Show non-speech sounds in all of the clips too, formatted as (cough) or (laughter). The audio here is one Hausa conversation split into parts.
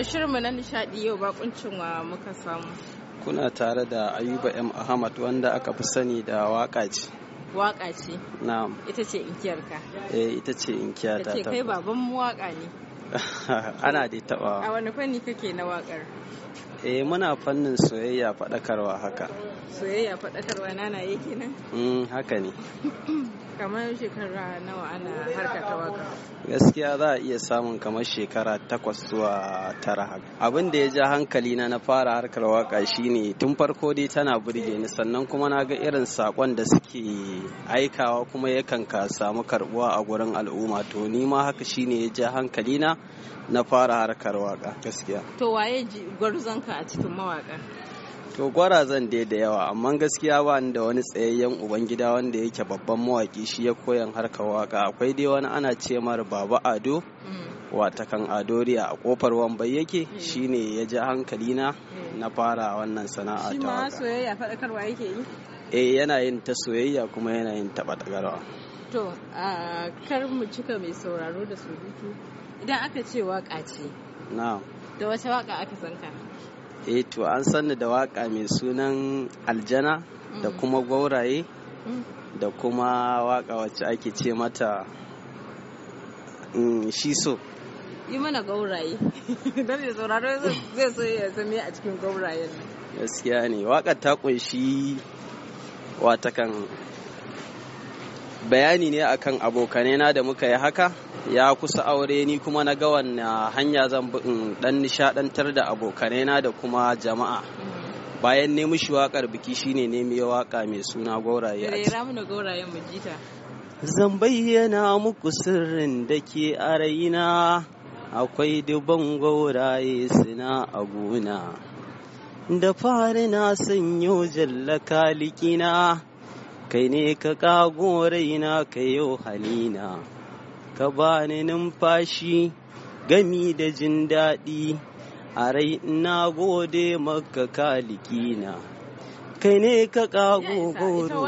To shirinmu na nishadi yau bakuncin wa muka samu. Kuna tare da Ayuba M. Ahmad wanda aka fi sani da waka ce. Waka ce? Na'am. Ita ce inkiyarka? Eh ita ce inkiyata. Ta ce kai baban mu waka ne. (laughs) ana dai taɓa a wani fanni kake na wakar eh muna fannin soyayya faɗakarwa haka soyayya faɗakarwa nana yake nan mm haka ne (clears throat) kamar shekara nawa ana harka ta waka gaskiya za a iya samun kamar shekara takwas zuwa tara haka abin da ya ja hankali na na fara harkar waka shine tun farko dai tana burge ni sannan kuma na ga irin sakon da suke aikawa kuma yakan ka samu karbuwa a gurin al'umma to ni ma haka shine ya ja hankali na na fara harkar waka gaskiya to waye gwarzonka a cikin mawaka to gwarazan dai da yawa amma gaskiya ba ni da wani tsayayyen ubangida wanda yake babban mawaki shi ya koyan harkar waka akwai dai wani ana ce mar baba ado mm. watakan adoriya a kofar wambai yake mm. shine ya ji hankali na mm. na fara wannan sana'a ta waka soyayya faɗakarwa yake yi eh yana yin ta soyayya kuma yana yin ta To to kar mu cika mai sauraro da surutu idan aka ce waka ce da wata waka aka san ka eh to an sanni da waka mai sunan aljana da mm. kuma gwauraye mm. da kuma waka wacce ake ce mata mm, shi so yi mana gauraye don (laughs) da sauraro zai so ya zame a cikin gaurayen gaskiya ne waka ta kunshi watakan bayani ne akan abokanena da muka yi haka ya kusa aure ni kuma na ga wannan hanya zan bi ɗan dan nishadantar da abokanena da kuma jama'a bayan ne mushi wakar biki shine ne mai waka mai suna gauraye a eh, ciki zan bayyana muku sirrin da ke a raina akwai duban gauraye suna a gona da fari na sanyo jallaka likina kai ne ka kago raina ka yau halina ka bani numfashi gami da jin daɗi a rai ina gode maka kalikina kai ne ka kago goro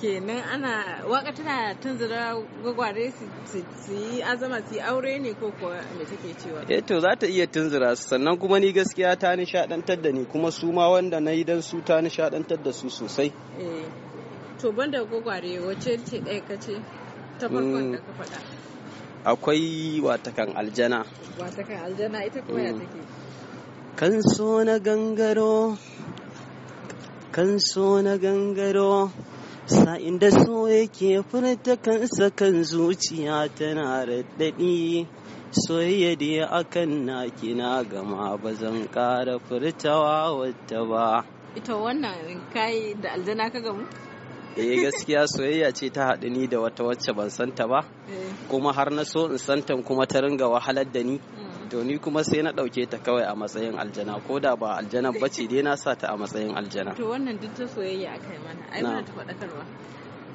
kenan ana waka tana tunzura gwagware su yi azama su yi aure ne ko kuwa me take cewa eh to za ta iya tunzura su sannan kuma ni gaskiya ta nishadantar da ni kuma su ma wanda na yi dan su ta nishadantar da su sosai eh. to banda gwagware wace ce ɗaya ka ce ta farkon mm. da ka faɗa akwai watakan aljana watakan aljana ita kuma ya mm. take kan so na gangaro kan so na gangaro sa'in da so yake furta kansa kan zuciya tana raɗaɗi soyayya da akan na kina gama ba zan ƙara furtawa wata ba ita wannan kai da aljana ka gamu eh gaskiya soyayya ce ta haɗu ni da wata wacce ban santa ba eh. kuma har na so in santa kuma ta ringa wahalar da ni mm. to ni kuma sai na ɗauke ta kawai a matsayin aljana ko da ba aljana ba ce dai na sa ta a matsayin aljana to wannan duk ta soyayya aka yi mana ai ta faɗakarwa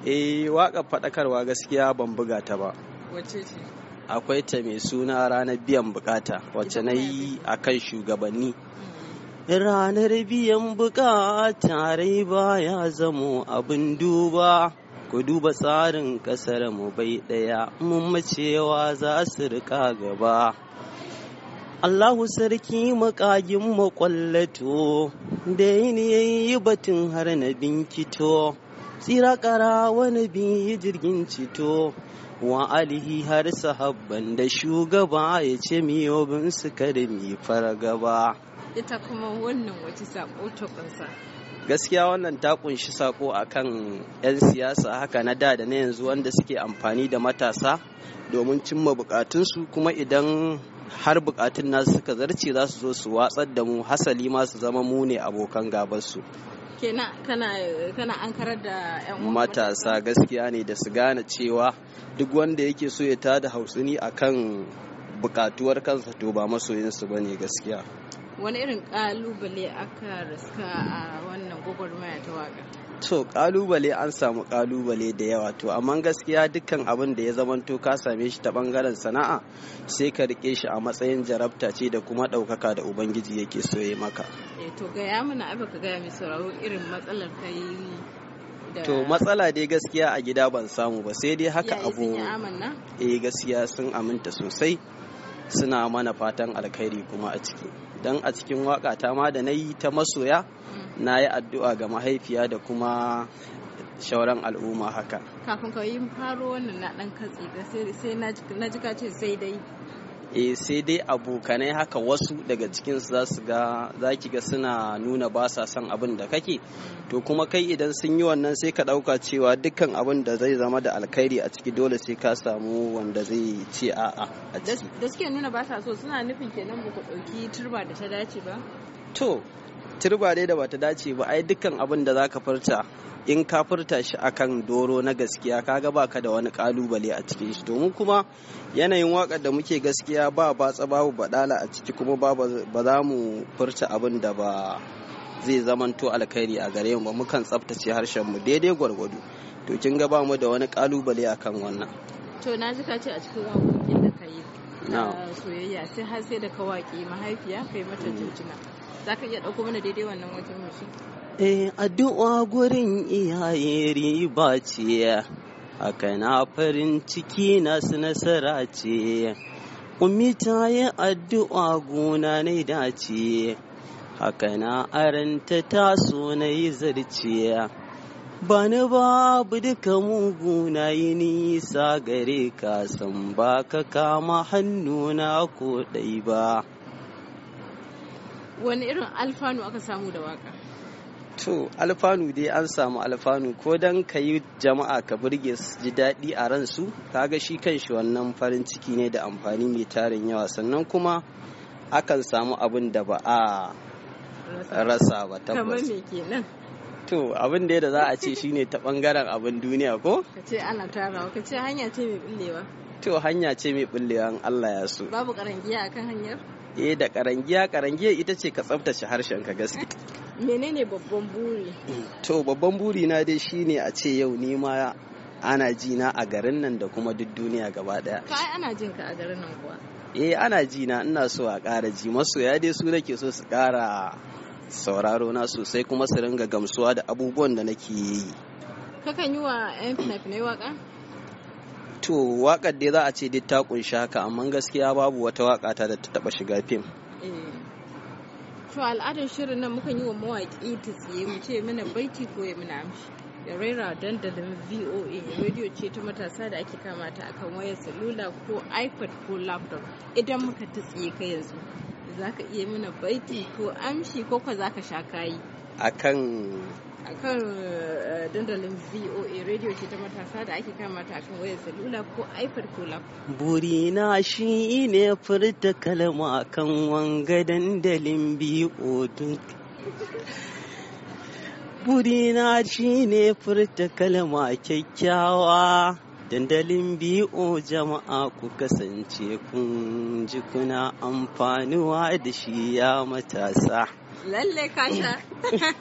eh faɗakarwa gaskiya ban buga ta ba wacce ce akwai ta mai suna ranar biyan bukata wacce na yi a kan shugabanni mm. ranar biyan bukata rai baya zamo abin duba ku duba tsarin kasar mu bai daya mun macewa za su rika gaba Allahu sarki makagin makwallato da yi yi batun har na binkito tsira kara wani biyi jirgin cito wa alihi har sahabban da shugaba ya ce bin su kada mi fargaba. ita kuma wannan wace sako ta gaskiya wannan ta kunshi sako akan 'yan siyasa haka na da da na yanzu wanda suke amfani da matasa domin cimma bukatunsu kuma idan har bukatun nasu suka zarce za su zo su watsar da mu hasali ma su zama mu ne abokan gabarsu kenan da matasa gaskiya ne da su gane cewa duk wanda yake so ya tada hausuni akan bukatuwar kansa to ba masoyinsu bane gaskiya wani irin kalubale aka riska a wannan gwagwarmaya ta waka to kalubale an samu kalubale da yawa to amma gaskiya dukkan abin da ya zamanto ka same shi ta bangaren sana'a sai ka rike shi a matsayin jarabta ce da kuma ɗaukaka da ubangiji yake so ya maka eh, to ya mana abin ka gaya sauraro irin matsalar ka yi to matsala dai gaskiya a gida ban samu ba sai dai haka abu eh gaskiya sun aminta sosai suna mana fatan alkhairi kuma a ciki don a cikin waka ta ma da na yi ta masoya na yi addu'a ga mahaifiya da kuma shauran al'umma haka kafin ka yi faro wannan na dan katse sai na ji ka ce sai dai eh sai dai abokanai haka wasu daga cikin su za su ga za ki ga suna nuna ba sa son abin da kake to kuma kai idan sun yi wannan sai ka dauka cewa dukkan abin da zai zama da alkhairi a ciki dole sai ka samu wanda zai ce a'a a da suke nuna ba sa so suna nufin kenan ba ku dauki turba da ta dace ba to turba dai da ba ta dace ba ai dukkan abin da zaka furta. in ka furta shi akan doro na gaskiya kaga baka da wani kalubale a cikin shi domin kuma yanayin wakar da muke gaskiya ba batsa babu badala a ciki kuma ba za mu furta abin da ba zai zamanto alkhairi a gare mu ba mukan tsaftace harshen mu daidai gwargwado to kin ga ba mu da wani kalubale akan wannan to na ji ka ce a cikin waƙoƙin da ka yi soyayya sai har sai da ka waƙi mahaifiya kai mata mm. jinjina za ka iya ɗauko mana daidai wannan wajen mu Eh, addu'a gurin iyaye riba ce, haka na farin ciki nasu nasara ce. Ummi ta yi addu'a gona na dace, haka na aranta taso na yi zarce. Ba ni babu duka muguna yi nisa gare ka san ba ka kama hannuna ko ɗai ba. Wani irin alfanu aka samu da waka? To alfanu dai an samu alfanu ko dan ka yi jama'a ka burge su ji daɗi a ransu kaga shi kan shi wannan farin ciki ne da amfani mai tarin yawa sannan kuma akan samu abin da ba a rasa ba tabbas. To abin da za a ce shine ta bangaren abin duniya ko? Ka ce ana tarawa ka ce hanya ce mai bullewa. To hanya ce mai bullewa in Allah ya so. Babu karangiya akan hanyar? Eh da karangiya karangiya ita ce ka tsaftace harshen ka gaskiya. menene babban buri to babban buri na dai shine a ce yau ni ma ana ji na a garin nan da kuma duk duniya gaba daya kai ana jin ka a garin nan kuwa eh ana ji na ina so a ƙara ji masoya dai su nake so su ƙara sauraro na sosai kuma su ringa gamsuwa da abubuwan da nake yi kakan yi wa yan fina-finai waka to wakar dai za a ce dai ta kunshi haka amma gaskiya babu wata waka ta da ta taba shiga fim eh. to al'adar shirin nan muka yi wa mawaƙi ta tsaye mu ce mana baiti ko ya muna amshi da raira dandalin voa rediyo ce ta matasa da ake kamata akan wayar salula ko ipad ko laptop idan muka ta tsaye ka yanzu za ka iya mana baiti ko amshi ko kwa za ka sha kayi akan akan eh, dandalin VOA radio ce ta matasa da ake kama ta akan wayar salula ko iPad ko laptop. Burina shi ne furta kalma kan wanga dandalin VOA. Burina shi ne furta kalma kyakkyawa. Dandalin BO jama'a ku kasance kun ji kuna amfanuwa da shi ya matasa. lalle kasha. (laughs)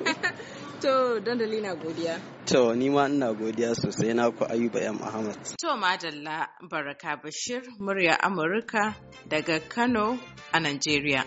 To dandali na godiya. To ni ma ina godiya sosai na ku Ayuba M Ahmad. To madalla Baraka Bashir murya Amurka daga Kano a Najeriya.